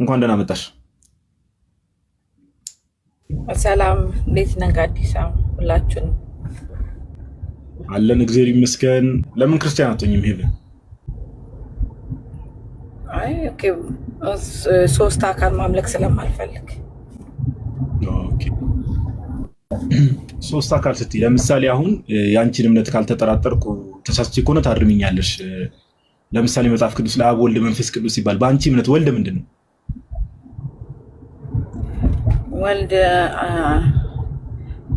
እንኳን ደህና መጣሽ። ሰላም፣ እንዴት ነህ? አዲስ ሁላችሁን አለን። እግዚአብሔር ይመስገን። ለምን ክርስቲያን አትሆኝም? ይሄ ሶስት አካል ማምለክ ስለማልፈልግ ሶስት አካል ስትይ ለምሳሌ አሁን የአንቺን እምነት ካልተጠራጠርኩ ተሳስቼ ከሆነ ታርምኛለሽ። ለምሳሌ መጽሐፍ ቅዱስ ለአብ ወልድ መንፈስ ቅዱስ ይባል። በአንቺ እምነት ወልድ ምንድን ነው? ወንድ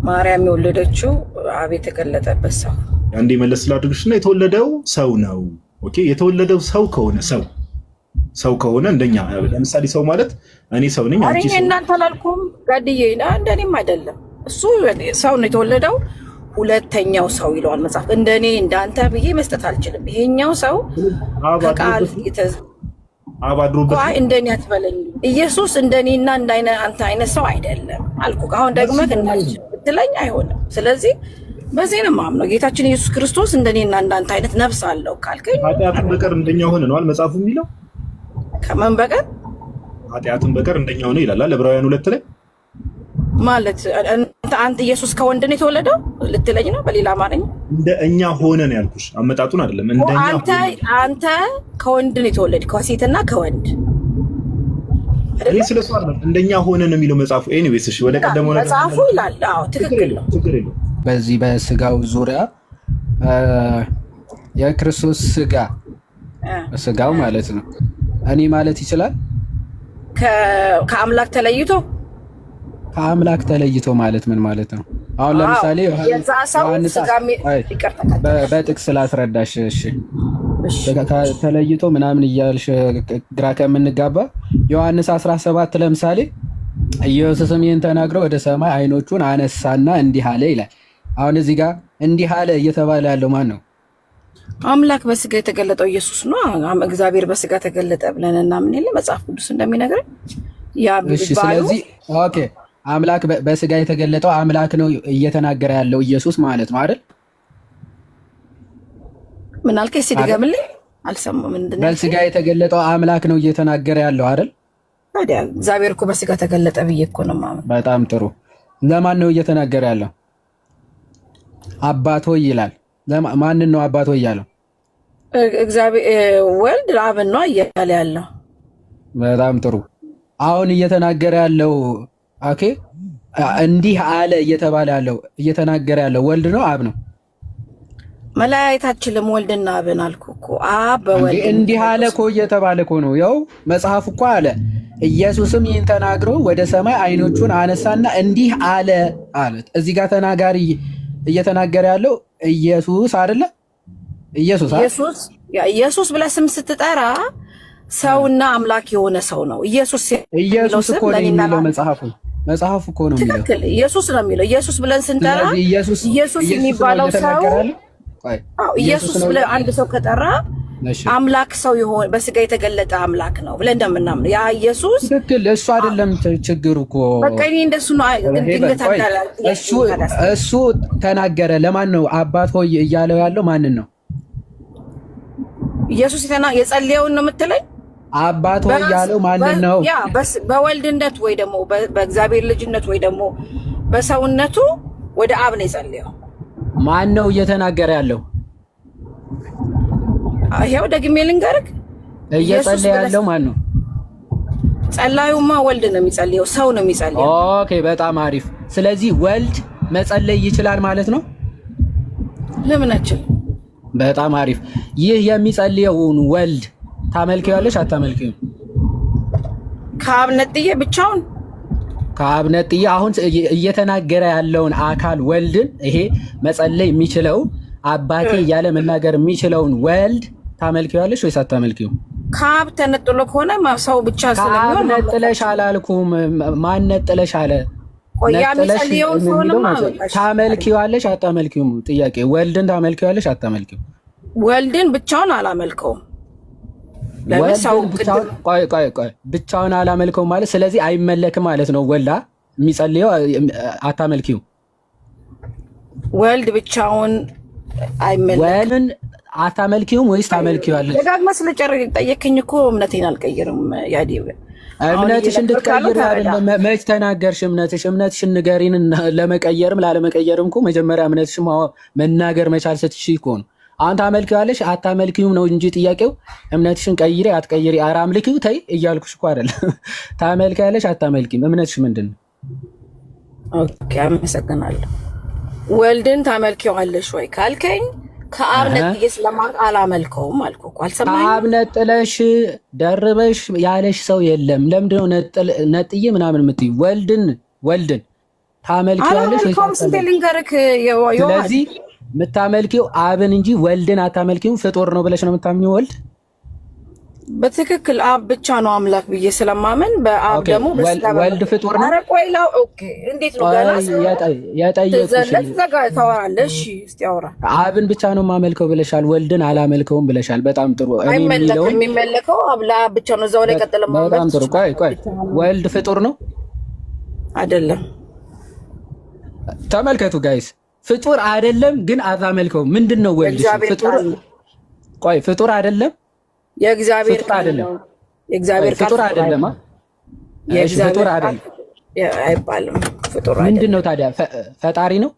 ማርያም የወለደችው አብ የተገለጠበት ሰው አንድ መለስ ስላድርግሽ እና የተወለደው ሰው ነው። ኦኬ የተወለደው ሰው ከሆነ ሰው ሰው ከሆነ እንደኛ ለምሳሌ ሰው ማለት እኔ ሰው ነኝ። አንቺ ሰው እናንተ አላልኩም ጋድዬ እንደኔም አይደለም እሱ ሰው ነው የተወለደው። ሁለተኛው ሰው ይለዋል መጽሐፍ። እንደኔ እንዳንተ ብዬ መስጠት አልችልም። ይሄኛው ሰው ከቃል አባድሮበት እንደኔ አትበለኝ። ኢየሱስ እንደኔና እንዳይነ አንተ አይነት ሰው አይደለም አልኩ። አሁን ደግመ እናልች ብትለኝ አይሆንም። ስለዚህ በዚህ ነው የማምነው። ጌታችን ኢየሱስ ክርስቶስ እንደኔና እንዳንተ አይነት ነፍስ አለው ካልከኝ ኃጢአትን በቀር እንደኛ ሆነ ነው መጽሐፉ የሚለው። ከምን በቀር ኃጢአትን በቀር እንደኛ ሆነ ይላል ዕብራውያን ሁለት ላይ ማለት አንተ ኢየሱስ ከወንድ ነው የተወለደው ልትለኝ ነው? በሌላ አማርኛ እንደ እኛ ሆነ ነው ያልኩሽ፣ አመጣጡን አይደለም። እንደ አንተ አንተ ከወንድ ነው የተወለድከው ከሴትና ከወንድ እኔ ስለ እሱ አይደለም። እንደኛ ሆነ ነው የሚለው መጽሐፉ። ኤኒዌይስ እሺ፣ ወደ ቀደመው ነገር መጽሐፉ ይላል። አዎ ትክክል ነው፣ ትክክል ነው። በዚህ በስጋው ዙሪያ የክርስቶስ ስጋ ስጋው ማለት ነው እኔ ማለት ይችላል ከአምላክ ተለይቶ ከአምላክ ተለይቶ ማለት ምን ማለት ነው? አሁን ለምሳሌ በጥቅስ ላስረዳሽ። እሺ ተለይቶ ምናምን እያልሽ ግራ ከምንጋባ ዮሐንስ 17 ለምሳሌ ኢየሱስም ይህን ተናግረው ወደ ሰማይ አይኖቹን አነሳና እንዲህ አለ ይላል። አሁን እዚህ ጋር እንዲህ አለ እየተባለ ያለው ማን ነው? አምላክ በስጋ የተገለጠው ኢየሱስ ነው። እግዚአብሔር በስጋ ተገለጠ ብለን እናምን የለ መጽሐፍ ቅዱስ እንደሚነግረን ያ ስለዚህ ኦኬ አምላክ በስጋ የተገለጠው አምላክ ነው እየተናገረ ያለው ኢየሱስ ማለት ነው አይደል? ምን አልከኝ? እስኪ ድገምልኝ፣ አልሰማሁም። ምንድን ነው? በስጋ የተገለጠው አምላክ ነው እየተናገረ ያለው አይደል? ታዲያ እግዚአብሔር እኮ በስጋ ተገለጠ ብዬ እኮ ነው የማመን። በጣም ጥሩ። ለማን ነው እየተናገረ ያለው? አባት ሆይ ይላል። ማንን ነው አባት ሆይ ያለው? ወልድ አብን ነው እያለ ያለው። በጣም ጥሩ። አሁን እየተናገረ ያለው ኦኬ እንዲህ አለ እየተባለ ያለው እየተናገረ ያለው ወልድ ነው አብ ነው? መለያየት አችልም። ወልድና አብን አልኩ እኮ አብ በወልድ እንዲህ አለ እኮ እየተባለ እኮ ነው። ያው መጽሐፍ እኮ አለ። ኢየሱስም ይህን ተናግሮ ወደ ሰማይ አይኖቹን አነሳና እንዲህ አለ አለ እዚህ ጋር ተናጋሪ እየተናገረ ያለው ኢየሱስ አይደለ? ኢየሱስ ኢየሱስ ኢየሱስ ብለህ ስም ስትጠራ ሰውና አምላክ የሆነ ሰው ነው ኢየሱስ። ኢየሱስ እኮ ነው የሚለው መጽሐፉ መጽሐፍ እኮ ነው የሚለው ትክክል ኢየሱስ ነው የሚለው ኢየሱስ ብለን ስንጠራ ኢየሱስ የሚባለው ሰው ኢየሱስ ብለን አንድ ሰው ከጠራ አምላክ ሰው የሆነ በስጋ የተገለጠ አምላክ ነው ብለን እንደምናምን ያ ኢየሱስ ትክክል። እሱ አይደለም ችግሩ እኮ በቃ እኔ እንደሱ ነው። እሱ ተናገረ። ለማን ነው አባት ሆይ እያለው ያለው ማንን ነው? ኢየሱስ የጸለየውን ነው የምትለኝ? አባት ወይ ያለው ማንን ነው? ያ በወልድነት ወይ ደግሞ በእግዚአብሔር ልጅነት ወይ ደግሞ በሰውነቱ ወደ አብ ነው የጸለየው። ማን ነው እየተናገረ ያለው? ይሄው ደግሜ ልንገርህ፣ እየጸለየ ያለው ማን ነው? ጸላዩማ ወልድ ነው የሚጸልየው፣ ሰው ነው የሚጸልየው። ኦኬ፣ በጣም አሪፍ። ስለዚህ ወልድ መጸለይ ይችላል ማለት ነው። ለምን አችል? በጣም አሪፍ። ይህ የሚጸልየውን ወልድ ታመልኪዋለሽ አታመልኪውም? ከአብ ነጥዬ ብቻውን ከአብ ነጥዬ አሁን እየተናገረ ያለውን አካል ወልድን ይሄ መጸለይ የሚችለው አባቴ እያለ መናገር የሚችለውን ወልድ ታመልኪዋለሽ ወይስ አታመልኪውም? ከአብ ተነጥሎ ከሆነ ሰው ብቻ ስለሚሆን ነጥለሽ አላልኩም። ማን ነጥለሽ አለ? ታመልኪዋለሽ አታመልኪውም? ጥያቄ ወልድን ታመልኪዋለሽ አታመልኪው? ወልድን ብቻውን አላመልከውም። ብቻውን አላመልከው ማለት ስለዚህ አይመለክ ማለት ነው። ወላ የሚጸልየው አታመልኪው ወልድ ብቻውን አይመለክም። አታመልኪውም ወይስ ታመልኪዋለሽ? ደጋግመህ ስለጨረግ ጠየቅኝ እኮ እምነቴን አልቀይርም። ያዴ እምነትሽ እንድትቀይር አይደለም። መች ተናገርሽ? እምነትሽ እምነትሽ ንገሪን። ለመቀየርም ላለመቀየርም እኮ መጀመሪያ እምነትሽ መናገር መቻል ስትሽ እኮ ነው አንተ ታመልኪዋለሽ አታመልኪውም ነው እንጂ ጥያቄው። እምነትሽን ቀይሬ አትቀይሪ አራ አምልኪው ተይ እያልኩሽ እኮ አይደለም። ታመልኪያለሽ አታመልክም እምነትሽ ምንድን ነው? ኦኬ አመሰግናለሁ። ወልድን ታመልኪዋለሽ ወይ ካልከኝ ከአብ ነጥዬ አላመልከውም አልኩ እኮ አልሰማኸኝም? ከአብ ነጥለሽ ደርበሽ ያለሽ ሰው የለም። ለምንድነው ነጥዬ ምናምን የምትይው? ወልድን ወልድን ታመልኪዋለሽ ወይ? ስለዚህ የምታመልኪው አብን እንጂ ወልድን አታመልኪው። ፍጡር ነው ብለሽ ነው የምታምኚው። ወልድ በትክክል አብ ብቻ ነው አምላክ ብዬ ስለማመን በአብ ደግሞ ወልድ ፍጡር ነው። እንዴት ነው አብን ብቻ ነው የማመልከው ብለሻል። ወልድን አላመልከውም ብለሻል። በጣም ጥሩ። የሚመለከው ለአብ ብቻ ነው። እዛው ላይ ቀጥለ። በጣም ጥሩ። ቆይ ቆይ፣ ወልድ ፍጡር ነው አይደለም? ተመልከቱ ጋይስ ፍጡር አይደለም ግን አታመልከው። ምንድን ነው ወይ ፍጡር ቆይ፣ ፍጡር አይደለም የእግዚአብሔር ቃል አይደለም የእግዚአብሔር ቃል ፍጡር አይደለም። እሺ፣ ፍጡር አይደለም አይባልም። ፍጡር አይደለም። ምንድን ነው ታዲያ? ፈጣሪ ነው።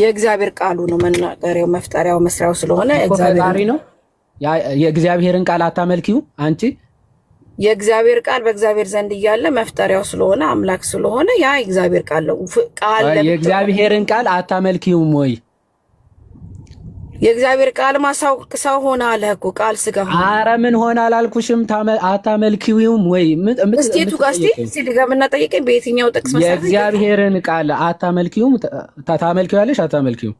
የእግዚአብሔር ቃሉ ነው መናገሪያው፣ መፍጠሪያው፣ መስሪያው ስለሆነ ፈጣሪ ነው። የእግዚአብሔርን ቃል አታመልኪው አንቺ የእግዚአብሔር ቃል በእግዚአብሔር ዘንድ እያለ መፍጠሪያው ስለሆነ አምላክ ስለሆነ ያ የእግዚአብሔር ቃል ነው። ቃል የእግዚአብሔርን ቃል አታመልኪውም ወይ? የእግዚአብሔር ቃል ማሳውቅ ሰው ሆነ አለ እኮ ቃል ስጋ ሆነ። ኧረ ምን ሆነ አላልኩሽም? አታመልኪውም ወይ? እስቲ እስቲ ድገምና ጠይቀኝ። በየትኛው ጥቅስ መሰለኝ? የእግዚአብሔርን ቃል አታመልኪውም? ታመልኪዋለሽ? አታመልኪውም?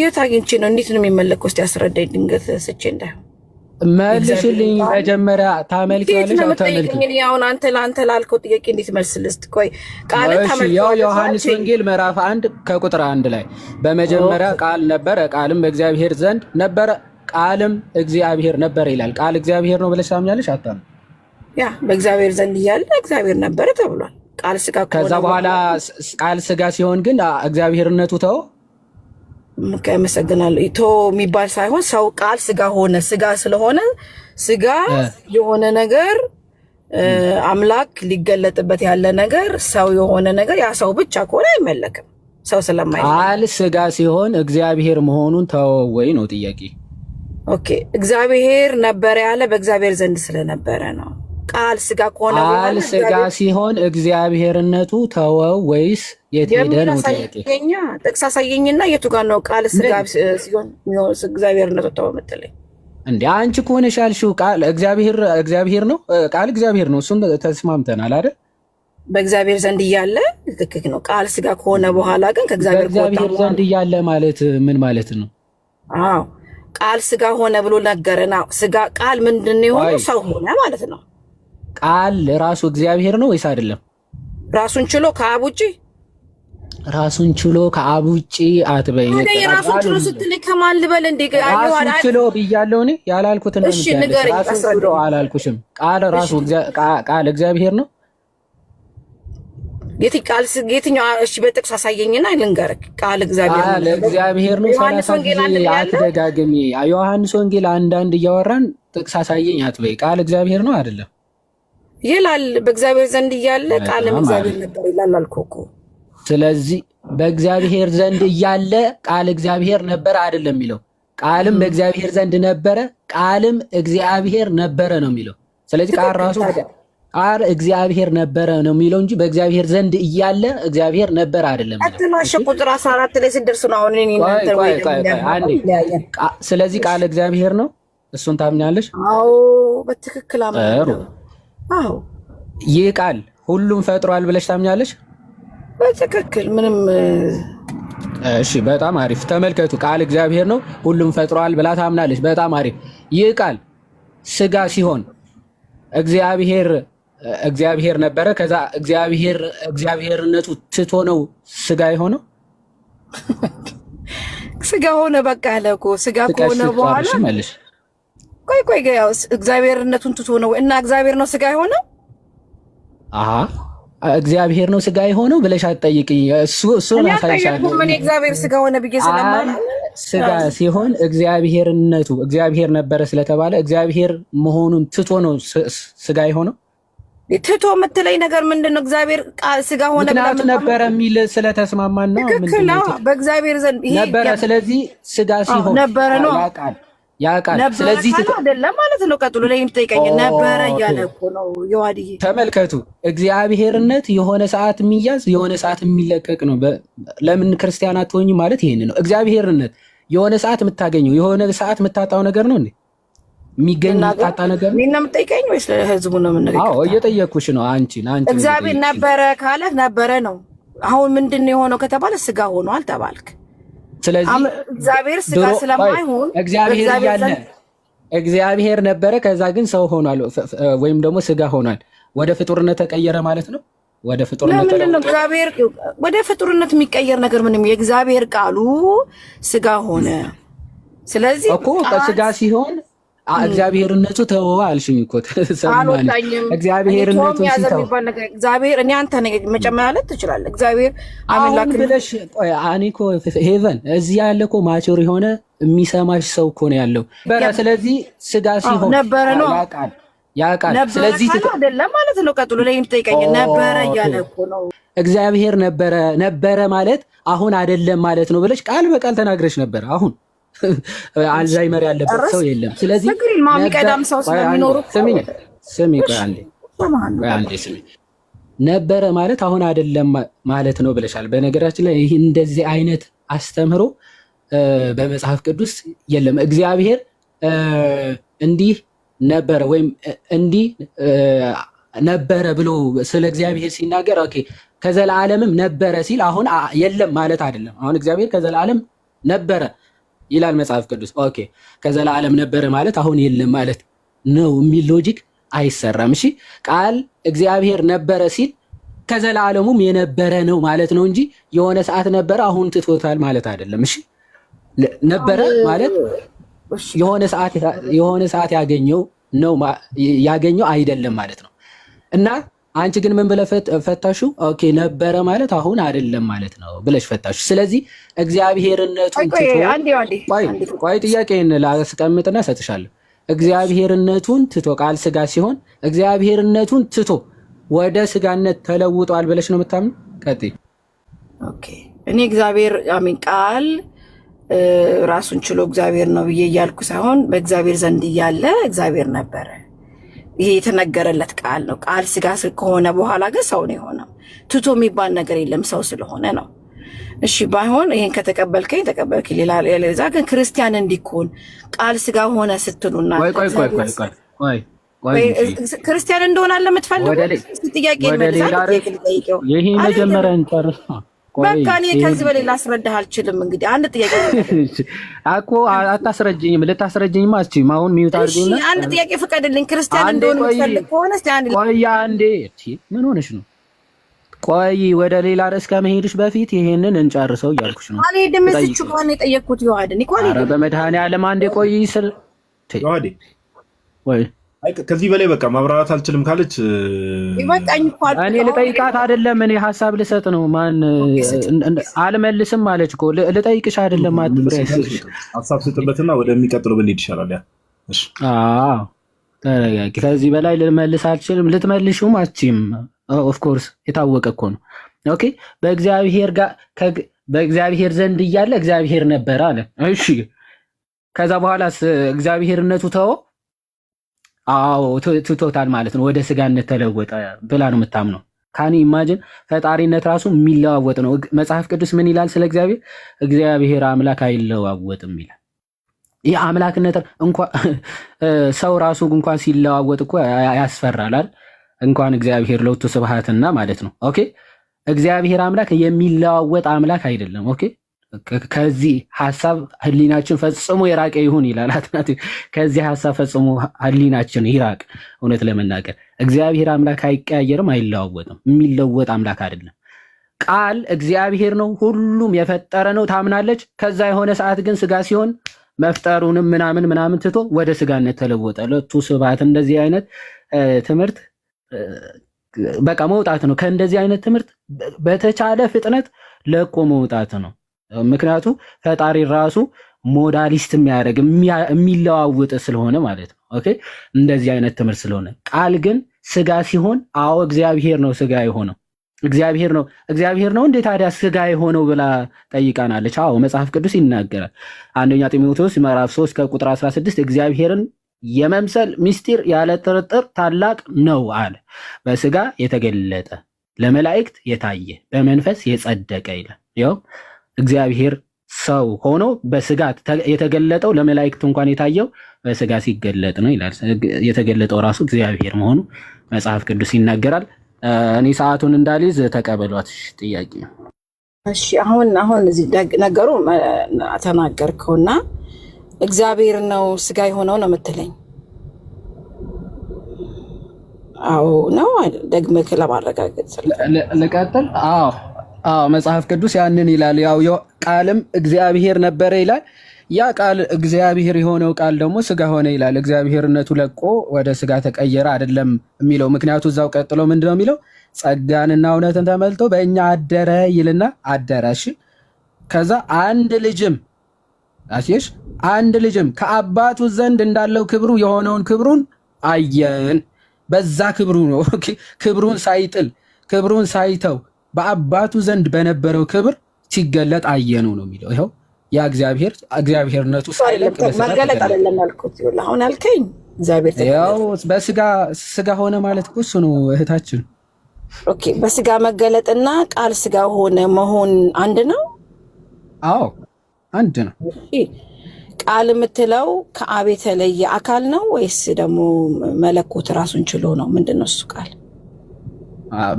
የት አግኝቼ ነው? እንዴት ነው የሚመለከው? እስቲ አስረዳኝ። ድንገት ስቼ እንዳይሆን መልሽልኝ መጀመሪያ ታመልኪያለሽ አታመልኪም? ያውን አንተ ለአንተ ላልከው ጥያቄ እንዴት መልስልስት? ቆይ ቃል ያው ዮሐንስ ወንጌል ምዕራፍ አንድ ከቁጥር አንድ ላይ በመጀመሪያ ቃል ነበረ፣ ቃልም በእግዚአብሔር ዘንድ ነበረ፣ ቃልም እግዚአብሔር ነበረ ይላል። ቃል እግዚአብሔር ነው ብለሽ ታምኛለሽ? አታ ያ በእግዚአብሔር ዘንድ እያለ እግዚአብሔር ነበረ ተብሏል። ቃል ስጋ ከዛ በኋላ ቃል ስጋ ሲሆን ግን እግዚአብሔርነቱ ተው ያመሰግናለሁ ኢቶ የሚባል ሳይሆን ሰው ቃል ስጋ ሆነ። ስጋ ስለሆነ ስጋ የሆነ ነገር አምላክ ሊገለጥበት ያለ ነገር ሰው የሆነ ነገር ያ ሰው ብቻ ከሆነ አይመለክም። ሰው ስለማይ ቃል ስጋ ሲሆን እግዚአብሔር መሆኑን ተወወይ ነው ጥያቄ። ኦኬ እግዚአብሔር ነበረ ያለ በእግዚአብሔር ዘንድ ስለነበረ ነው። ቃል ስጋ ከሆነ ቃል ስጋ ሲሆን እግዚአብሔርነቱ ተወው ወይስ የት ሄደ ነው ጥያቄ። ጥቅስ አሳየኝና የቱ ጋር ነው ቃል ስጋ ሲሆን እግዚአብሔርነቱ ተወው መጠለኝ? እንዲ አንቺ ከሆነሽ ያልሽው ቃል እግዚአብሔር እግዚአብሔር ነው። ቃል እግዚአብሔር ነው። እሱን ተስማምተናል አይደል? በእግዚአብሔር ዘንድ እያለ ልክ ነው። ቃል ስጋ ከሆነ በኋላ ግን ከእግዚአብሔር ዘንድ እያለ ማለት ምን ማለት ነው? አዎ ቃል ስጋ ሆነ ብሎ ነገረና ስጋ ቃል ምንድን የሆነ ሰው ሆነ ማለት ነው። ቃል ራሱ እግዚአብሔር ነው ወይስ አይደለም? ራሱን ችሎ ከአብ ውጪ ራሱን ችሎ ከአብ ውጭ አትበይ። ራሱን ችሎ ስትል ከማን ልበል? እንደ ራሱን ችሎ ብያለሁ እኔ ያላልኩት ነው። አላልኩሽም። ቃል ራሱ ቃል እግዚአብሔር ነው። የትኛው? እሺ በጥቅስ አሳየኝና ልንገርህ። ቃል እግዚአብሔር ነው። እግዚአብሔር ነው። ሰላሳ ጊዜ አትደጋግሚ። ዮሐንስ ወንጌል አንዳንድ እያወራን ጥቅስ አሳየኝ አትበይ። ቃል እግዚአብሔር ነው አይደለም ይላል በእግዚአብሔር ዘንድ እያለ ቃልም እግዚአብሔር ነበር ይላል አልኩ እኮ። ስለዚህ በእግዚአብሔር ዘንድ እያለ ቃል እግዚአብሔር ነበረ አይደለም የሚለው። ቃልም በእግዚአብሔር ዘንድ ነበረ፣ ቃልም እግዚአብሔር ነበረ ነው የሚለው። ስለዚህ ቃል ራሱ ቃል እግዚአብሔር ነበረ ነው የሚለው እንጂ በእግዚአብሔር ዘንድ እያለ እግዚአብሔር ነበረ አይደለም። አትናሽ ቁጥር 14 ላይ ስደርስ ነው አሁን ስለዚህ ቃል እግዚአብሔር ነው። እሱን ታምኛለሽ? አዎ በትክክል አምናለሁ። አዎ ይህ ቃል ሁሉም ፈጥሯል ብለሽ ታምኛለሽ? በትክክል ምንም። እሺ በጣም አሪፍ ተመልከቱ። ቃል እግዚአብሔር ነው፣ ሁሉም ፈጥሯል ብላ ታምናለች። በጣም አሪፍ። ይህ ቃል ስጋ ሲሆን እግዚአብሔር እግዚአብሔር ነበረ። ከዛ እግዚአብሔር እግዚአብሔርነቱ ትቶ ነው ስጋ የሆነው። ስጋ ሆነ በቃ አለ እኮ ስጋ ከሆነ በኋላ ቆይ ቆይ እግዚአብሔርነቱን ትቶ ነው እና እግዚአብሔር ነው ስጋ የሆነው? አሀ እግዚአብሔር ነው ስጋ የሆነው ብለሽ አትጠይቅኝ። እሱ እሱ ምን እግዚአብሔር ስጋ ሆነ ብዬ ስለማለት ስጋ ሲሆን እግዚአብሔርነቱ እግዚአብሔር ነበረ ስለተባለ እግዚአብሔር መሆኑን ትቶ ነው ስጋ የሆነው። ትቶ የምትለኝ ነገር ምንድን ነው? እግዚአብሔር ስጋ ሆነ ምክንያቱ ነበረ የሚል ስለተስማማን ነው። ትክክል በእግዚአብሔር ዘንድ ነበረ። ስለዚህ ስጋ ሲሆን ነበረ ነው ያውቃል ስለዚህ አይደለም ማለት ነው። ቀጥሎ ላይ የምትጠይቀኝ ነበረ እያለ እኮ ነው የዋድዬ። ተመልከቱ እግዚአብሔርነት የሆነ ሰዓት የሚያዝ የሆነ ሰዓት የሚለቀቅ ነው። ለምን ክርስቲያን አትሆኝ ማለት ይሄን ነው። እግዚአብሔርነት የሆነ ሰዓት የምታገኘው የሆነ ሰዓት የምታጣው ነገር ነው እንዴ? የሚገኝ የሚታጣ ነገር ነው። እኔን የምጠይቀኝ ወይስ ለህዝቡ ነው የምንገኝ? እየጠየኩሽ ነው አንቺን። አንቺ እግዚአብሔር ነበረ ካለ ነበረ ነው። አሁን ምንድን ነው የሆነው ከተባለ ስጋ ሆኗል ተባልክ ስለዚህ እግዚአብሔር ስጋ ስለማይሆን እግዚአብሔር እያለ እግዚአብሔር ነበረ፣ ከዛ ግን ሰው ሆኗል ወይም ደግሞ ስጋ ሆኗል። ወደ ፍጡርነት ተቀየረ ማለት ነው። ወደ ፍጡርነት ወደ ፍጡርነት የሚቀየር ነገር ምንም፣ የእግዚአብሔር ቃሉ ስጋ ሆነ። ስለዚህ እኮ ስጋ ሲሆን እግዚአብሔርነቱ ተወ አልሽኝ እኮ እግዚአብሔርነቱ እግዚአብሔር እኔ አንተ መጨመር አለት ትችላለህ። እግዚአብሔር ብለሽ እኔ እኮ ሄቨን እዚህ ያለ እኮ ማቸር የሆነ የሚሰማሽ ሰው እኮ ነው ያለው። ስለዚህ ስጋ ሲሆን ነበረ ነው ያውቃል። ስለዚህ አይደለም ማለት ነው። ቀጥሎ ላይ የምትጠይቀኝ ነበረ እያለ እኮ ነው እግዚአብሔር ነበረ ነበረ ማለት አሁን አይደለም ማለት ነው ብለሽ ቃል በቃል ተናግረሽ ነበረ አሁን አልዛይመር ያለበት ሰው የለም። ስለዚህ የሚቀዳም ሰው ስለሚኖሩ ነበረ ማለት አሁን አይደለም ማለት ነው ብለሻል። በነገራችን ላይ ይህ እንደዚህ አይነት አስተምህሮ በመጽሐፍ ቅዱስ የለም። እግዚአብሔር እንዲህ ነበረ ወይም እንዲህ ነበረ ብሎ ስለ እግዚአብሔር ሲናገር ኦኬ ከዘላለምም ነበረ ሲል አሁን የለም ማለት አይደለም። አሁን እግዚአብሔር ከዘላለም ነበረ ይላል መጽሐፍ ቅዱስ። ኦኬ ከዘላለም ነበረ ማለት አሁን የለም ማለት ነው የሚል ሎጂክ አይሰራም። እሺ ቃል እግዚአብሔር ነበረ ሲል ከዘላለሙም የነበረ ነው ማለት ነው እንጂ የሆነ ሰዓት ነበረ አሁን ትቶታል ማለት አይደለም። እሺ ነበረ ማለት የሆነ ሰዓት የሆነ ሰዓት ያገኘው ነው ያገኘው አይደለም ማለት ነው እና አንቺ ግን ምን ብለህ ፈታሹ? ኦኬ ነበረ ማለት አሁን አይደለም ማለት ነው ብለሽ ፈታሹ። ስለዚህ እግዚአብሔርነቱን ቆይ ጥያቄን ላስቀምጥና እሰጥሻለሁ። እግዚአብሔርነቱን ትቶ ቃል ስጋ ሲሆን እግዚአብሔርነቱን ትቶ ወደ ስጋነት ተለውጧል ብለሽ ነው የምታምኑ? ቀጥይ። ኦኬ እኔ እግዚአብሔር አሚን ቃል ራሱን ችሎ እግዚአብሔር ነው ብዬ እያልኩ ሳይሆን በእግዚአብሔር ዘንድ እያለ እግዚአብሔር ነበረ ይሄ የተነገረለት ቃል ነው። ቃል ስጋ ከሆነ በኋላ ግን ሰው ነው የሆነው። ትቶ የሚባል ነገር የለም ሰው ስለሆነ ነው። እሺ ባይሆን ይህን ከተቀበልከኝ ተቀበልክ። ሌላ ሌዛ ግን ክርስቲያን እንዲኮን ቃል ስጋ ሆነ ስትሉና ክርስቲያን እንደሆናለ የምትፈልጉ ጥያቄ ይሄ መጀመሪያ በቃ እኔ ከዚህ በላይ ላስረዳህ አልችልም። እንግዲህ አንድ ጥያቄ አታስረጅኝም፣ ልታስረጅኝማ አሁን ሚዩት አድርጊና አንድ ጥያቄ ፍቀድልኝ። ክርስቲያን እንደሆነ የምትፈልግ ከሆነ ቆይ፣ አንዴ ምን ሆነሽ ነው? ቆይ ወደ ሌላ ርዕስ ከመሄድሽ በፊት ይሄንን እንጨርሰው እያልኩሽ ነው። አልሄድም። እዚች ከሆነ የጠየቅኩት ዮሐድን እኮ በመድኃኔዓለም አንዴ ቆይ ስል ወይ ከዚህ በላይ በቃ ማብራራት አልችልም ካለች እኔ ልጠይቃት አይደለም። እኔ ሀሳብ ልሰጥ ነው። ማን አልመልስም ማለች እኮ ልጠይቅሽ አይደለም። ሀሳብ ስጥበትና ወደሚቀጥለው ብንሄድ ይሻላል። ከዚህ በላይ ልመልስ አልችልም። ልትመልሽም አችም ኦፍኮርስ የታወቀ እኮ ነው። ኦኬ በእግዚአብሔር ጋር በእግዚአብሔር ዘንድ እያለ እግዚአብሔር ነበር አለ። እሺ ከዛ በኋላ እግዚአብሔርነቱ ተወ አዎ ትቶታል ማለት ነው፣ ወደ ስጋነት ተለወጠ ብላ ነው የምታምነው። ካኒ ኢማጅን ፈጣሪነት ራሱ የሚለዋወጥ ነው። መጽሐፍ ቅዱስ ምን ይላል ስለ እግዚአብሔር? እግዚአብሔር አምላክ አይለዋወጥም ይላል። ይህ አምላክነት ሰው ራሱ እንኳን ሲለዋወጥ እኮ ያስፈራላል፣ እንኳን እግዚአብሔር ለውቱ ስብሃትና ማለት ነው። ኦኬ እግዚአብሔር አምላክ የሚለዋወጥ አምላክ አይደለም። ኦኬ ከዚህ ሀሳብ ህሊናችን ፈጽሞ የራቀ ይሁን ይላል። ከዚህ ሀሳብ ፈጽሞ ህሊናችን ይራቅ። እውነት ለመናገር እግዚአብሔር አምላክ አይቀያየርም፣ አይለዋወጥም። የሚለወጥ አምላክ አይደለም። ቃል እግዚአብሔር ነው፣ ሁሉም የፈጠረ ነው ታምናለች። ከዛ የሆነ ሰዓት ግን ስጋ ሲሆን መፍጠሩንም ምናምን ምናምን ትቶ ወደ ስጋነት ተለወጠ። ለቱ ስብሐት። እንደዚህ አይነት ትምህርት በቃ መውጣት ነው። ከእንደዚህ አይነት ትምህርት በተቻለ ፍጥነት ለቆ መውጣት ነው። ምክንያቱ ፈጣሪ ራሱ ሞዳሊስት የሚያደርግ የሚለዋውጥ ስለሆነ ማለት ነው። ኦኬ እንደዚህ አይነት ትምህርት ስለሆነ ቃል ግን ስጋ ሲሆን፣ አዎ እግዚአብሔር ነው ስጋ የሆነው እግዚአብሔር ነው እግዚአብሔር ነው እንዴ ታዲያ ስጋ የሆነው ብላ ጠይቃናለች። አዎ መጽሐፍ ቅዱስ ይናገራል። አንደኛ ጢሞቴዎስ ምዕራፍ 3 ከቁጥር 16 እግዚአብሔርን የመምሰል ምስጢር ያለ ጥርጥር ታላቅ ነው አለ። በስጋ የተገለጠ ለመላእክት የታየ በመንፈስ የጸደቀ ይላል። እግዚአብሔር ሰው ሆኖ በስጋ የተገለጠው ለመላእክት እንኳን የታየው በስጋ ሲገለጥ ነው ይላል። የተገለጠው ራሱ እግዚአብሔር መሆኑ መጽሐፍ ቅዱስ ይናገራል። እኔ ሰዓቱን እንዳልይዝ ተቀበሏት። ጥያቄ እሺ። አሁን አሁን እዚህ ነገሩ ተናገርከውና እግዚአብሔር ነው ስጋ የሆነው ነው የምትለኝ? አዎ ነው ደግመህ ለማረጋገጥ ልቀጥል። አዎ አዎ መጽሐፍ ቅዱስ ያንን ይላል። ያው ቃልም እግዚአብሔር ነበረ ይላል። ያ ቃል እግዚአብሔር የሆነው ቃል ደግሞ ስጋ ሆነ ይላል። እግዚአብሔርነቱ ለቆ ወደ ስጋ ተቀየረ አይደለም የሚለው ምክንያቱ እዛው ቀጥሎ ምንድን ነው የሚለው? ጸጋንና እውነትን ተመልቶ በእኛ አደረ ይልና አደረ። እሺ ከዛ አንድ ልጅም አሴሽ አንድ ልጅም ከአባቱ ዘንድ እንዳለው ክብሩ የሆነውን ክብሩን አየን። በዛ ክብሩ ነው ክብሩን ሳይጥል ክብሩን ሳይተው በአባቱ ዘንድ በነበረው ክብር ሲገለጥ አየነው ነው የሚለው። ይኸው ያ እግዚአብሔር እግዚአብሔርነቱ መገለጥ አይደለም ያልኩት። አሁን ያልከኝ በስጋ ስጋ ሆነ ማለት እሱ ነው እህታችን። ኦኬ በስጋ መገለጥና ቃል ስጋ ሆነ መሆን አንድ ነው። አዎ አንድ ነው። ቃል የምትለው ከአብ የተለየ አካል ነው ወይስ ደግሞ መለኮት ራሱን ችሎ ነው? ምንድን ነው እሱ ቃል?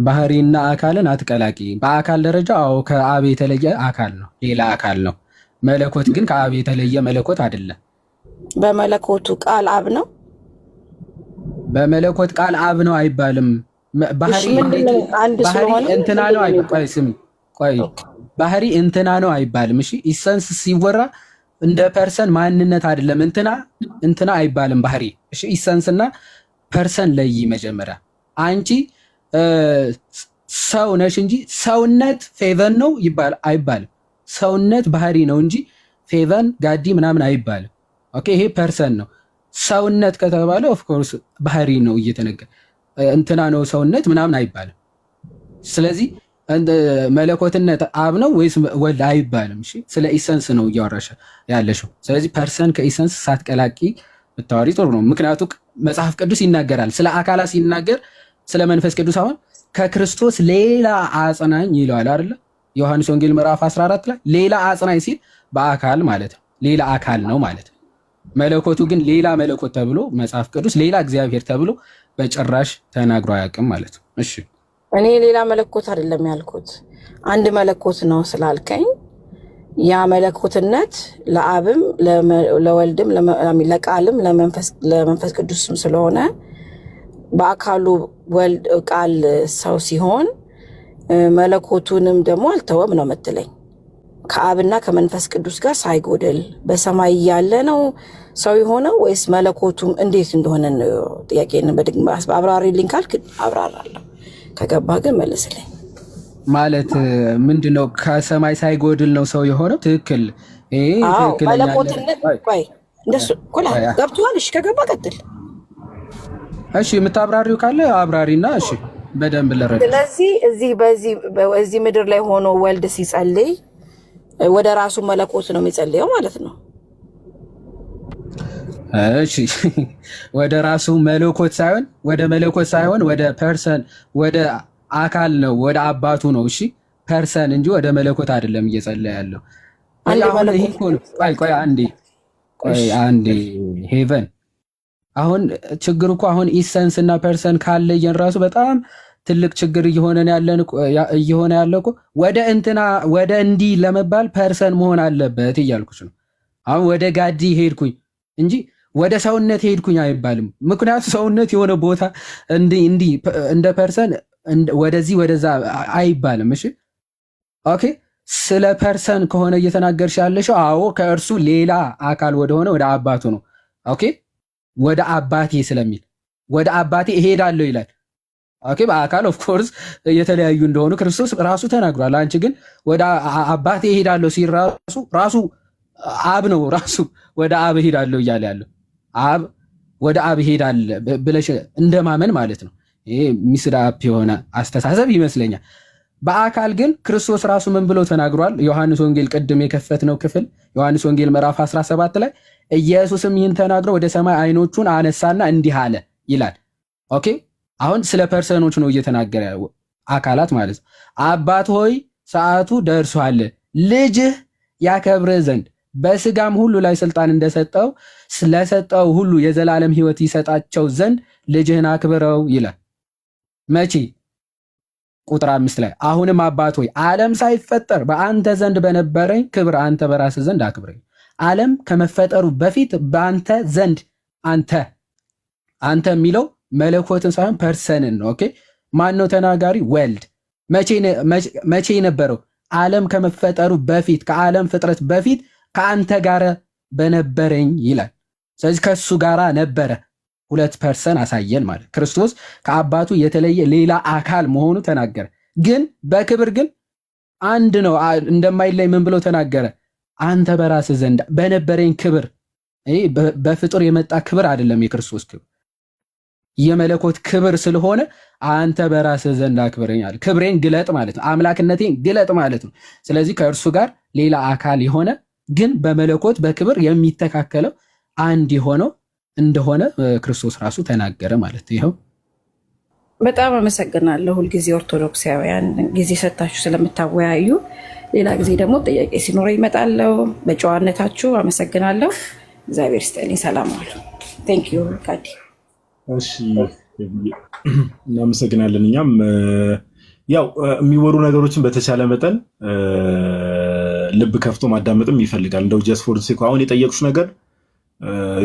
ባህሪና አካልን አትቀላቂ። በአካል ደረጃ አዎ ከአብ የተለየ አካል ነው፣ ሌላ አካል ነው። መለኮት ግን ከአብ የተለየ መለኮት አይደለም። በመለኮቱ ቃል አብ ነው። በመለኮት ቃል አብ ነው አይባልም። ባህሪ እንትና ነው አይባልም። ስሚ ቆይ፣ ባህሪ እንትና ነው አይባልም። እሺ ኢሰንስ ሲወራ እንደ ፐርሰን ማንነት አይደለም። እንትና እንትና አይባልም ባህሪ። እሺ ኢሰንስና ፐርሰን ለይ መጀመሪያ አንቺ ሰው ነሽ እንጂ ሰውነት ፌቨን ነው አይባልም። ሰውነት ባህሪ ነው እንጂ ፌቨን ጋዲ ምናምን አይባልም። ኦኬ ይሄ ፐርሰን ነው። ሰውነት ከተባለ ኦፍኮርስ ባህሪ ነው እየተነገረ እንትና ነው ሰውነት ምናምን አይባልም። ስለዚህ መለኮትነት አብ ነው ወይስ ወልድ አይባልም። እሺ ስለ ኢሰንስ ነው እያወራሽ ያለሽው። ስለዚህ ፐርሰን ከኢሰንስ ሳትቀላቂ ብታወሪ ጥሩ ነው። ምክንያቱ መጽሐፍ ቅዱስ ይናገራል ስለ አካላት ሲናገር ስለ መንፈስ ቅዱስ አሁን ከክርስቶስ ሌላ አጽናኝ ይለዋል አይደለ? ዮሐንስ ወንጌል ምዕራፍ 14 ላይ ሌላ አጽናኝ ሲል በአካል ማለት ነው፣ ሌላ አካል ነው ማለት ነው። መለኮቱ ግን ሌላ መለኮት ተብሎ መጽሐፍ ቅዱስ ሌላ እግዚአብሔር ተብሎ በጭራሽ ተናግሮ አያውቅም ማለት ነው። እሺ እኔ ሌላ መለኮት አይደለም ያልኩት አንድ መለኮት ነው ስላልከኝ ያ መለኮትነት ለአብም ለወልድም ለቃልም ለመንፈስ ቅዱስም ስለሆነ በአካሉ ወልድ ቃል ሰው ሲሆን መለኮቱንም ደግሞ አልተወም ነው የምትለኝ። ከአብና ከመንፈስ ቅዱስ ጋር ሳይጎድል በሰማይ እያለ ነው ሰው የሆነው ወይስ መለኮቱም እንዴት እንደሆነ ጥያቄን በድግም አብራሪልኝ ካልክ አብራራለሁ፣ ከገባ ግን መልስልኝ። ማለት ምንድን ነው? ከሰማይ ሳይጎድል ነው ሰው የሆነው። ትክክል። መለኮትነት ቆይ፣ እንደሱ ገብቶሃል? እሺ፣ ከገባ ቀጥል እሺ የምታብራሪው ካለ አብራሪና። እሺ በደንብ ልረዳ። ስለዚህ እዚህ በዚህ እዚህ ምድር ላይ ሆኖ ወልድ ሲጸልይ ወደ ራሱ መለኮት ነው የሚጸልየው ማለት ነው። እሺ ወደ ራሱ መለኮት ሳይሆን ወደ መለኮት ሳይሆን ወደ ፐርሰን ወደ አካል ነው ወደ አባቱ ነው። እሺ ፐርሰን እንጂ ወደ መለኮት አይደለም እየጸለየ ያለው። ቆይ ቆይ አንዴ ቆይ አንዴ ሄቨን አሁን ችግር እኮ አሁን ኢሰንስ እና ፐርሰን ካለየን ራሱ በጣም ትልቅ ችግር እየሆነ ያለ እኮ ወደ እንትና ወደ እንዲህ ለመባል ፐርሰን መሆን አለበት እያልኩች ነው። አሁን ወደ ጋዲ ሄድኩኝ እንጂ ወደ ሰውነት ሄድኩኝ አይባልም። ምክንያቱ ሰውነት የሆነ ቦታ እንዲህ እንደ ፐርሰን ወደዚህ ወደዛ አይባልም። እሺ ኦኬ። ስለ ፐርሰን ከሆነ እየተናገርሽ ያለሽው አዎ፣ ከእርሱ ሌላ አካል ወደሆነ ወደ አባቱ ነው። ኦኬ ወደ አባቴ ስለሚል ወደ አባቴ እሄዳለሁ ይላል። ኦኬ በአካል ኦፍኮርስ ኮርስ የተለያዩ እንደሆኑ ክርስቶስ ራሱ ተናግሯል። አንቺ ግን ወደ አባቴ እሄዳለሁ ሲል ራሱ ራሱ አብ ነው ራሱ ወደ አብ እሄዳለሁ እያለ ያለው አብ ወደ አብ እሄዳለሁ ብለሽ እንደማመን ማለት ነው። ይሄ ሚስዳፕ የሆነ አስተሳሰብ ይመስለኛል። በአካል ግን ክርስቶስ ራሱ ምን ብሎ ተናግሯል? ዮሐንስ ወንጌል ቅድም የከፈትነው ክፍል ዮሐንስ ወንጌል ምዕራፍ 17 ላይ ኢየሱስም ይህን ተናግሮ ወደ ሰማይ አይኖቹን አነሳና እንዲህ አለ ይላል። ኦኬ አሁን ስለ ፐርሰኖች ነው እየተናገረ አካላት ማለት ነው። አባት ሆይ ሰዓቱ ደርሷል፣ ልጅህ ያከብርህ ዘንድ በስጋም ሁሉ ላይ ስልጣን እንደሰጠው ስለሰጠው ሁሉ የዘላለም ህይወት ይሰጣቸው ዘንድ ልጅህን አክብረው ይላል። መቼ ቁጥር አምስት ላይ አሁንም አባት ሆይ ዓለም ሳይፈጠር በአንተ ዘንድ በነበረኝ ክብር አንተ በራስ ዘንድ አክብረኝ። ዓለም ከመፈጠሩ በፊት በአንተ ዘንድ አንተ አንተ የሚለው መለኮትን ሳይሆን ፐርሰንን ነው። ኦኬ ማን ነው ተናጋሪ? ወልድ። መቼ የነበረው? ዓለም ከመፈጠሩ በፊት ከዓለም ፍጥረት በፊት ከአንተ ጋር በነበረኝ ይላል። ስለዚህ ከእሱ ጋራ ነበረ ሁለት ፐርሰን አሳየን ማለት ክርስቶስ ከአባቱ የተለየ ሌላ አካል መሆኑ ተናገረ። ግን በክብር ግን አንድ ነው እንደማይለይ ምን ብሎ ተናገረ? አንተ በራስ ዘንድ በነበረኝ ክብር በፍጡር የመጣ ክብር አይደለም የክርስቶስ ክብር የመለኮት ክብር ስለሆነ አንተ በራስ ዘንድ አክብረኝ ክብሬን ግለጥ ማለት ነው። አምላክነቴን ግለጥ ማለት ነው። ስለዚህ ከእርሱ ጋር ሌላ አካል የሆነ ግን በመለኮት በክብር የሚተካከለው አንድ የሆነው እንደሆነ ክርስቶስ ራሱ ተናገረ ማለት ይኸው በጣም አመሰግናለሁ። ሁልጊዜ ኦርቶዶክሳውያን ጊዜ ሰታችሁ ስለምታወያዩ፣ ሌላ ጊዜ ደግሞ ጥያቄ ሲኖረ ይመጣለው። በጨዋነታችሁ አመሰግናለሁ። እግዚአብሔር ስጠልኝ። ሰላም አሉ። ካዲ። እናመሰግናለን። እኛም ያው የሚወሩ ነገሮችን በተቻለ መጠን ልብ ከፍቶ ማዳመጥም ይፈልጋል። እንደው ጀስት ፎር አሁን የጠየቁሽ ነገር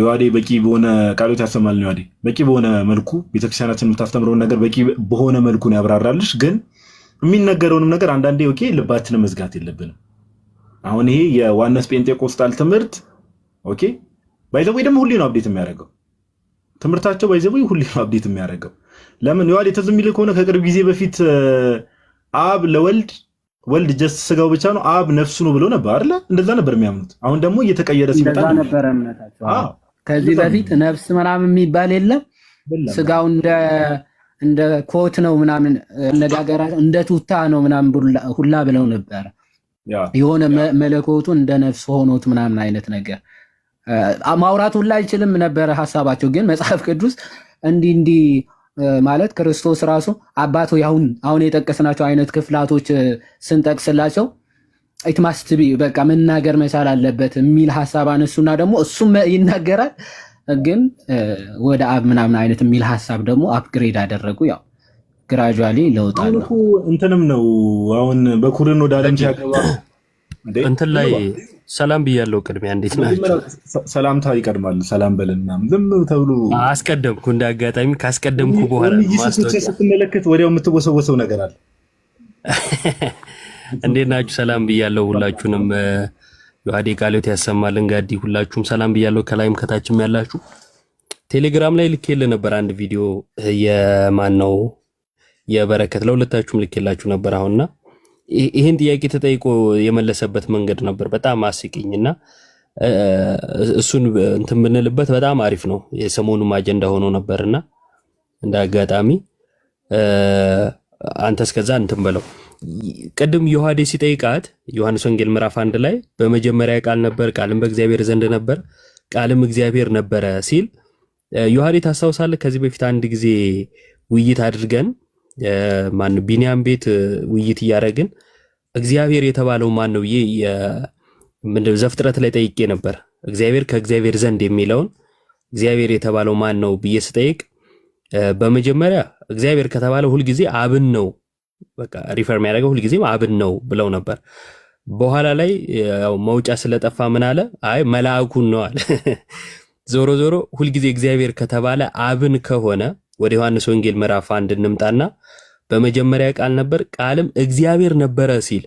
ዮሐዴ በቂ በሆነ ቃሎት ያሰማል። ዮሐዴ በቂ በሆነ መልኩ ቤተክርስቲያናችን የምታስተምረውን ነገር በቂ በሆነ መልኩ ነው ያብራራልሽ። ግን የሚነገረውንም ነገር አንዳንዴ ኦኬ ልባችንን መዝጋት የለብንም። አሁን ይሄ የዋነስ ጴንጤቆስጣል ትምህርት ኦኬ ባይዘወይ ደግሞ ሁሌ ነው አብዴት የሚያደርገው ትምህርታቸው ባይዘወይ ሁሌ ነው አብዴት የሚያደርገው። ለምን ዮሐዴ ተዝም ከሆነ ከቅርብ ጊዜ በፊት አብ ለወልድ ወልድ ጀስት ስጋው ብቻ ነው፣ አብ ነፍሱ ነው ብሎ ነበር አይደለ? እንደዛ ነበር የሚያምኑት። አሁን ደግሞ እየተቀየረ ሲመጣ እምነታቸው። ከዚህ በፊት ነፍስ ምናምን የሚባል የለም። ስጋው እንደ ኮት ነው ምናምን አነጋገራ እንደ ቱታ ነው ምናምን ሁላ ብለው ነበረ። የሆነ መለኮቱ እንደ ነፍስ ሆኖት ምናምን አይነት ነገር ማውራት ሁላ አይችልም ነበረ ሀሳባቸው። ግን መጽሐፍ ቅዱስ እንዲህ እንዲህ ማለት ክርስቶስ ራሱ አባቱ ያሁን አሁን የጠቀስናቸው አይነት ክፍላቶች ስንጠቅስላቸው ኢትማስት ቢ በቃ መናገር መቻል አለበት የሚል ሀሳብ አነሱና ደግሞ እሱም ይናገራል፣ ግን ወደ አብ ምናምን አይነት የሚል ሀሳብ ደግሞ አፕግሬድ አደረጉ። ያው ግራጁዋሊ ለውጣል ነው። እንትንም ነው አሁን በኩርን ወደ አለም ሲያገባ እንትን ላይ ሰላም ብያለው። ቅድሚያ እንዴት ናቸው? ሰላምታ ይቀድማል። ሰላም በልና ዝም ተብሎ አስቀደምኩ። እንደ አጋጣሚ ካስቀደምኩ በኋላ ስትመለከት ወዲያው የምትወሰወሰው ነገር አለ። እንዴት ናችሁ? ሰላም ብያለው ሁላችሁንም። ዮሐዴ ቃሎት ያሰማልን ጋዲ ሁላችሁም ሰላም ብያለው። ከላይም ከታችም ያላችሁ ቴሌግራም ላይ ልኬል ነበር አንድ ቪዲዮ የማን ነው የበረከት ለሁለታችሁም ልኬላችሁ ነበር አሁንና ይህን ጥያቄ ተጠይቆ የመለሰበት መንገድ ነበር በጣም አስቂኝ እና እሱን እንትን ብንልበት በጣም አሪፍ ነው። የሰሞኑም አጀንዳ ሆኖ ነበር እና እንደ አጋጣሚ አንተ እስከዛ እንትን በለው። ቅድም ዮሐዴ ሲጠይቃት ዮሐንስ ወንጌል ምዕራፍ አንድ ላይ በመጀመሪያ ቃል ነበር፣ ቃልም በእግዚአብሔር ዘንድ ነበር፣ ቃልም እግዚአብሔር ነበረ ሲል ዮሐዴ ታስታውሳለህ? ከዚህ በፊት አንድ ጊዜ ውይይት አድርገን ማን ቢኒያም ቤት ውይይት እያደረግን እግዚአብሔር የተባለው ማን ነው ብዬ ዘፍጥረት ላይ ጠይቄ ነበር። እግዚአብሔር ከእግዚአብሔር ዘንድ የሚለውን እግዚአብሔር የተባለው ማን ነው ብዬ ስጠይቅ በመጀመሪያ እግዚአብሔር ከተባለ ሁልጊዜ አብን ነው በቃ ሪፈር የሚያደርገው ሁልጊዜም አብን ነው ብለው ነበር። በኋላ ላይ መውጫ ስለጠፋ ምን አለ? አይ መልአኩን ነው አለ። ዞሮ ዞሮ ሁልጊዜ እግዚአብሔር ከተባለ አብን ከሆነ ወደ ዮሐንስ ወንጌል ምዕራፍ አንድ እንምጣና በመጀመሪያ ቃል ነበር፣ ቃልም እግዚአብሔር ነበረ ሲል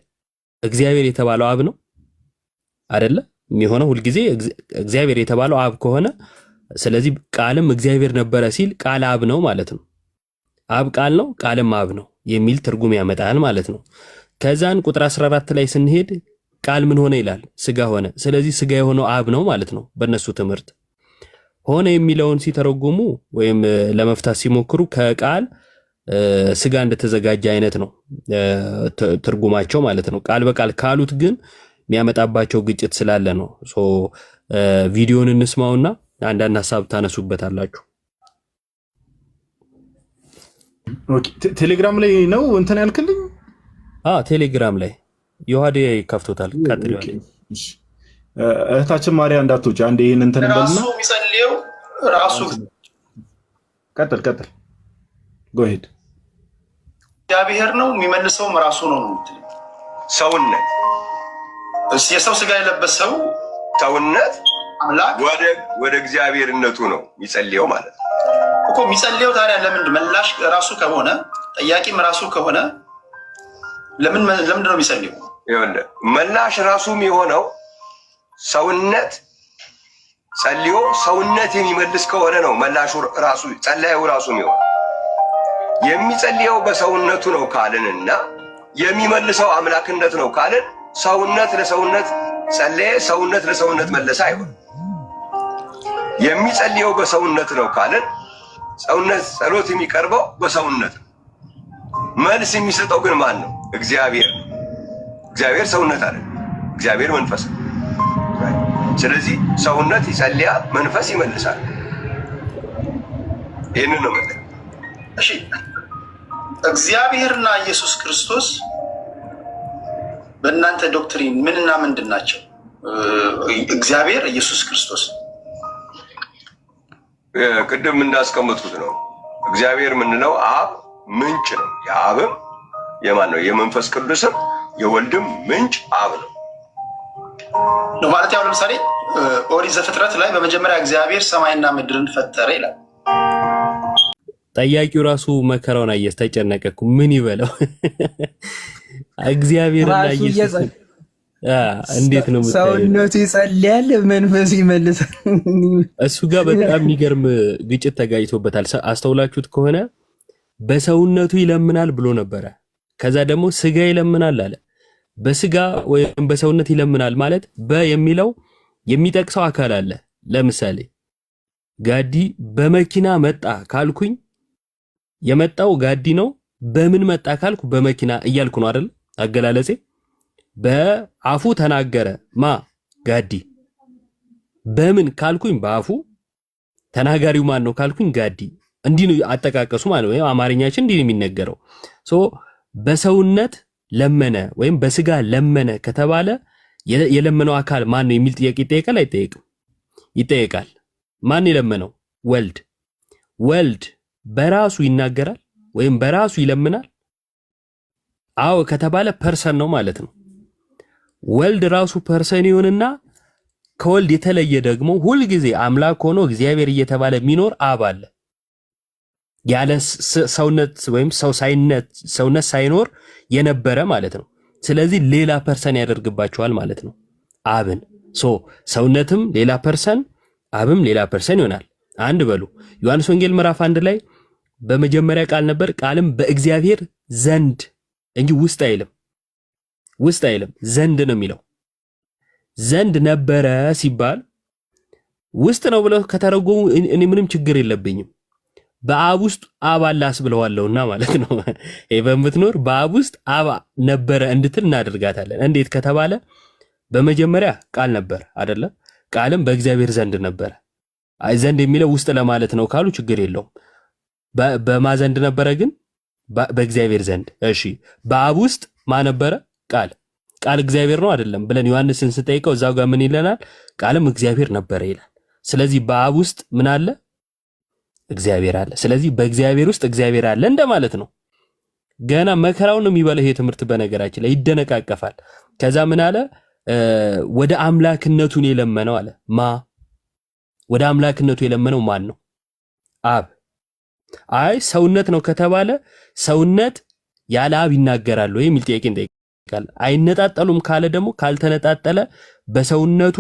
እግዚአብሔር የተባለው አብ ነው አይደለ? የሚሆነው ሁልጊዜ እግዚአብሔር የተባለው አብ ከሆነ ስለዚህ ቃልም እግዚአብሔር ነበረ ሲል ቃል አብ ነው ማለት ነው። አብ ቃል ነው፣ ቃልም አብ ነው የሚል ትርጉም ያመጣል ማለት ነው። ከዛን ቁጥር 14 ላይ ስንሄድ ቃል ምን ሆነ ይላል? ስጋ ሆነ። ስለዚህ ስጋ የሆነው አብ ነው ማለት ነው በእነሱ ትምህርት ሆነ የሚለውን ሲተረጉሙ ወይም ለመፍታት ሲሞክሩ ከቃል ስጋ እንደተዘጋጀ አይነት ነው ትርጉማቸው ማለት ነው። ቃል በቃል ካሉት ግን የሚያመጣባቸው ግጭት ስላለ ነው። ቪዲዮን እንስማውና አንዳንድ ሀሳብ አላችሁ። ቴሌግራም ላይ ነው እንትን ያልክልኝ? ቴሌግራም ላይ የዋዴ ከፍቶታል። ቀጥል እህታችን ማርያ እንዳትወጪ አንድ ይህን እንትን በልና የሚጸልየው ራሱ ቀጥል ቀጥል ጎሄድ እግዚአብሔር ነው የሚመልሰውም ራሱ ነው ነው ምትል ሰውነት የሰው ስጋ የለበሰው ሰውነት አምላክ ወደ እግዚአብሔርነቱ ነው የሚጸልየው ማለት ነው እኮ የሚጸልየው ታዲያ ለምንድ መላሽ ራሱ ከሆነ ጠያቂም ራሱ ከሆነ ለምን ለምንድን ነው የሚጸልየው መላሽ ራሱም የሆነው ሰውነት ጸልዮ ሰውነት የሚመልስ ከሆነ ነው መላሹ ራሱ ጸላዩ ራሱ የሚሆን የሚጸልየው በሰውነቱ ነው ካልንና የሚመልሰው አምላክነት ነው ካልን ሰውነት ለሰውነት ጸለየ፣ ሰውነት ለሰውነት መለሰ አይሆን። የሚጸልየው በሰውነት ነው ካልን ሰውነት ጸሎት የሚቀርበው በሰውነት መልስ የሚሰጠው ግን ማን ነው? እግዚአብሔር። እግዚአብሔር ሰውነት አለ። እግዚአብሔር መንፈስ ነው። ስለዚህ ሰውነት ይጸልያል፣ መንፈስ ይመልሳል። ይህንን ነው መለ እሺ። እግዚአብሔርና ኢየሱስ ክርስቶስ በእናንተ ዶክትሪን ምንና ምንድን ናቸው? እግዚአብሔር ኢየሱስ ክርስቶስ ቅድም እንዳስቀመጥኩት ነው። እግዚአብሔር የምንለው አብ ምንጭ ነው። የአብም የማን ነው? የመንፈስ ቅዱስም የወልድም ምንጭ አብ ነው። ነው ማለት ያው ለምሳሌ ኦሪት ዘፍጥረት ላይ በመጀመሪያ እግዚአብሔር ሰማይና ምድርን ፈጠረ ይላል። ጠያቂው ራሱ መከራውን አየስ ተጨነቀ እኮ ምን ይበለው? እግዚአብሔር እንዴት ነው ሰውነቱ ይጸልያል፣ መንፈስ ይመልሳል። እሱ ጋር በጣም የሚገርም ግጭት ተጋጭቶበታል። አስተውላችሁት ከሆነ በሰውነቱ ይለምናል ብሎ ነበረ። ከዛ ደግሞ ስጋ ይለምናል አለ በስጋ ወይም በሰውነት ይለምናል ማለት የሚለው የሚጠቅሰው አካል አለ። ለምሳሌ ጋዲ በመኪና መጣ ካልኩኝ የመጣው ጋዲ ነው። በምን መጣ ካልኩ በመኪና እያልኩ ነው አይደል? አገላለጼ በአፉ ተናገረ ማ ጋዲ። በምን ካልኩኝ በአፉ ተናጋሪው ማን ነው ካልኩኝ ጋዲ። እንዲህ ነው አጠቃቀሱ ማለት ነው። አማርኛችን እንዲህ ነው የሚነገረው ሶ በሰውነት ለመነ ወይም በስጋ ለመነ ከተባለ የለመነው አካል ማን ነው የሚል ጥያቄ ይጠየቃል አይጠየቅም? ይጠየቃል። ማን የለመነው? ወልድ። ወልድ በራሱ ይናገራል ወይም በራሱ ይለምናል? አዎ ከተባለ ፐርሰን ነው ማለት ነው። ወልድ ራሱ ፐርሰን ይሆንና ከወልድ የተለየ ደግሞ ሁልጊዜ አምላክ ሆኖ እግዚአብሔር እየተባለ የሚኖር አብ አለ። ያለ ሰውነት ወይም ሰው ሳይነት ሰውነት ሳይኖር የነበረ ማለት ነው። ስለዚህ ሌላ ፐርሰን ያደርግባቸዋል ማለት ነው አብን። ሶ ሰውነትም ሌላ ፐርሰን አብም ሌላ ፐርሰን ይሆናል። አንድ በሉ ዮሐንስ ወንጌል ምዕራፍ አንድ ላይ በመጀመሪያ ቃል ነበር፣ ቃልም በእግዚአብሔር ዘንድ እንጂ ውስጥ አይልም፣ ውስጥ አይልም፣ ዘንድ ነው የሚለው። ዘንድ ነበረ ሲባል ውስጥ ነው ብለው ከተረጎሙ እኔ ምንም ችግር የለብኝም። በአብ ውስጥ አብ አለ አስብለዋለሁና ማለት ነው። በምትኖር በአብ ውስጥ አብ ነበረ እንድትል እናደርጋታለን። እንዴት ከተባለ በመጀመሪያ ቃል ነበር አደለ? ቃልም በእግዚአብሔር ዘንድ ነበረ። አይ ዘንድ የሚለው ውስጥ ለማለት ነው ካሉ ችግር የለውም። በማ ዘንድ ነበረ ግን በእግዚአብሔር ዘንድ። እሺ በአብ ውስጥ ማ ነበረ? ቃል። ቃል እግዚአብሔር ነው አይደለም ብለን ዮሐንስን ስንጠይቀው እዛው ጋር ምን ይለናል? ቃልም እግዚአብሔር ነበረ ይላል። ስለዚህ በአብ ውስጥ ምን አለ? እግዚአብሔር አለ። ስለዚህ በእግዚአብሔር ውስጥ እግዚአብሔር አለ እንደማለት ነው። ገና መከራውን የሚበለው ይሄ ትምህርት በነገራችን ላይ ይደነቃቀፋል። ከዛ ምን አለ? ወደ አምላክነቱን የለመነው አለ ማ ወደ አምላክነቱ የለመነው ማን ነው? አብ። አይ ሰውነት ነው ከተባለ ሰውነት ያለ አብ ይናገራል ወይ የሚል ጥያቄ እንጠይቃለን። አይነጣጠሉም ካለ ደግሞ ካልተነጣጠለ በሰውነቱ